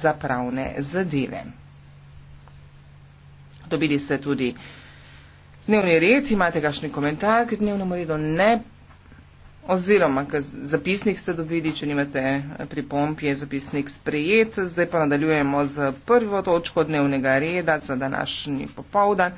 za pravne zadeve. Dobili ste tudi dnevni red, imate kakšni komentar k dnevnemu redu, ne, oziroma zapisnik ste dobili, če nimate pripomp, je zapisnik sprejet. Zdaj pa nadaljujemo z prvo točko dnevnega reda za današnji popovdan.